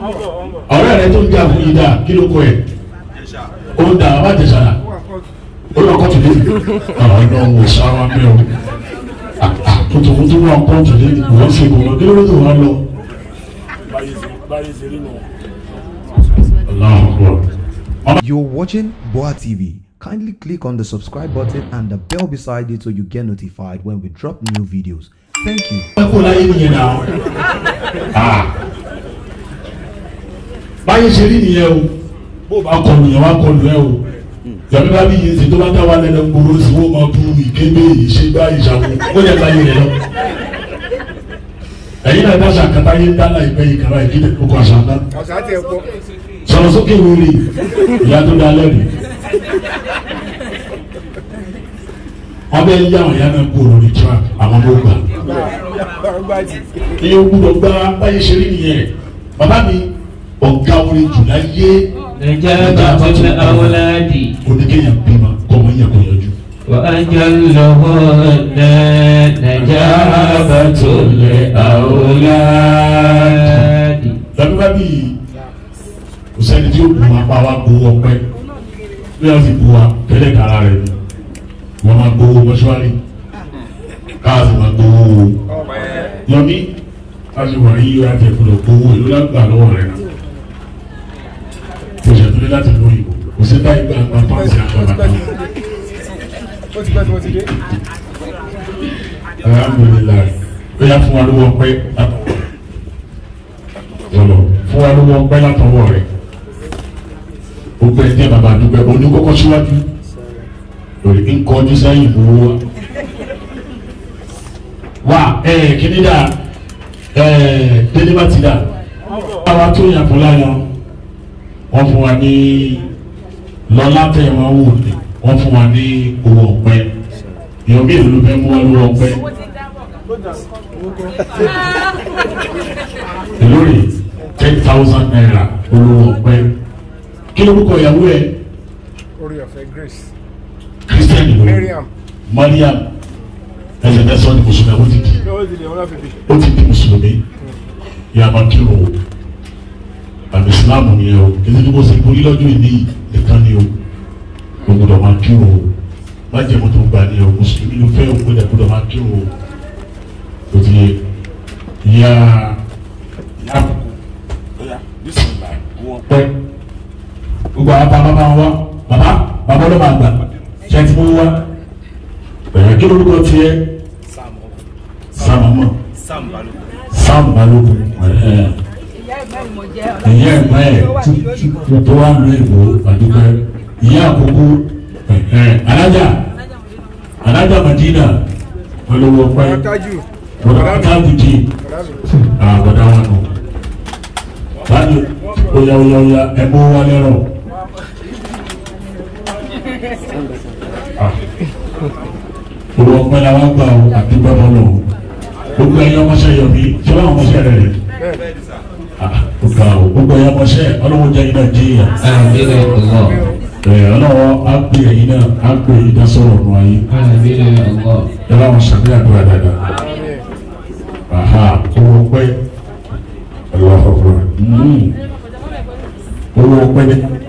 ọ̀rẹ́ rẹ tó ń jà fún yìí dà kí ló kọ ẹ̀ ó ń da àwọn àjẹsára ó lọ kọ́tù lé àwọn ọ̀nà òun sáwọn mi o àtúntò wọn kọ́tù lé ìwọ́n fi kò lọ kí ló tó wọn lọ. You're watching Boa TV. Kindly click on the subscribe button and the bell beside it so you get notified when we drop new videos. Thank you báyé ṣe rí nìyẹn o bó o bá kọlu yẹn wá kọlu ẹ o yọ̀bí bá bí yẹn ṣe tó bá dá wa lẹ́nu gbòòrò sí wọ́n máa bu ìkébé ìṣègbà ìṣàkóso ó yẹ ká yẹ lọ. ẹ̀yin náà dáṣà kàtá yé dáná ìgbẹ́ yìí kàrá ìdílé kókó àṣà ńlá. sọ̀rọ̀ sókè wọlé ìyá tó dá lẹ́nu. abẹ́ yá àwọn ìyá náà gbòòrò ní tíra àwọn ló gbà. iye gbúdọ̀ gbá báyé ṣe rí nìyẹn bàbá mi ọ̀gá orin jùlá yé. ẹja bàbá mi awoladi. kò ní kéèyàn bímọ kọ́mọ yẹn kò yọjú. وأجلهن نجابة لأولاد. Dábíbá bíi kò sẹ́ni tí ó bu apá wa bu ọpẹ́ bí wọ́n ti bu wa tẹ́lẹ̀ kára rẹ̀ ni wọ́n máa gbowó mọ́ṣúárì káàsì máa gbowó yọmí káàsì wà ní yíyá tẹ̀ gbọdọ̀ gbowó ìlú lágbà lọ́wọ́ rẹ̀ náà láti lórí ìbò kò sí báyìí gba àgbà pàǹtì àgbàlá kan. alhamdulilayi ó yá fún wa lówó ọpẹ́ látọwọ́ lọlọ fún wa lówó ọpẹ́ látọwọ́ rẹ gbogbo ẹgbẹ́ bàbá àdúgbò ẹbọ ní kókó síwájú lórí nǹkan ọdún sẹ́yìn lówó wa wa ẹ kìnnìdà ẹ délébàtìdà àwa tó yàn fún láyàn wọ́n fún wa ní lọ́lá tẹ̀ wọ́n wò ní wọ́n fún wa ní owó ọ̀pẹ èèyàn bí èlò fẹ́ mú wa lówó ọ̀pẹ èlò rè ten thousand naira olówó ọ̀pẹ kí lórúkọ ìyàwó ẹ. orí ọ̀fẹ́ grace. christian ìwé mariam ẹsẹ̀ tẹ́sán ni mùsùlùmí ó ti di mùsùlùmí yàrá kírun o islam yẹn o kìí ṣe kó ṣe kó lílọ́jọ́ ìní nìkan ni o o gbọdọ̀ máa kírun o má jẹ́ mo tó gbà ni o mùsùlùmí ló fẹ́ o gbọdọ̀ gbọdọ̀ máa kírun o o ti yẹ ìyá ìyá pẹ́ gbogbo àwọn bàbá máa wá bàbá bàbá ló máa gbà ṣe ti mú wá bẹ̀rẹ̀ kí lórúkọ tiẹ̀ sàmọ́mọ́ sàmọ́mọ́ sàmọ́mọ́ balógun ìyá ẹ̀gbọ́n ẹ̀ tó wà ní ìbò àdúgbò ìyá àkókò alájà alájà Madina olówó ọpẹ bọdà kájújì àbọdà wọn nù báyìí oya oya oya ẹ mú wọn lẹrọ. olùwọ̀pẹ̀ làwọn gbà àdúgbò ọmọ náà gbogbo ẹ̀yọ́ ọmọọṣẹ́ yọ̀ bí ṣọlá ọmọọṣẹ́ rẹ̀ rẹ̀ ọ̀gá ah, o gbogbo ẹ̀yà mọ̀ṣẹ́ ọlọ́wọ́ jẹ́ iná jíyà. ọlọ́wọ́ á gbé ẹ̀yin náà á gbé ẹ̀yin náà sọ̀rọ̀ ọ̀nà ayé. ẹ bá wọn ṣàbí àdúrà dáadáa. aha owó pẹ́ ọlọ́wọ́ pẹ́ hmm. owó pẹ́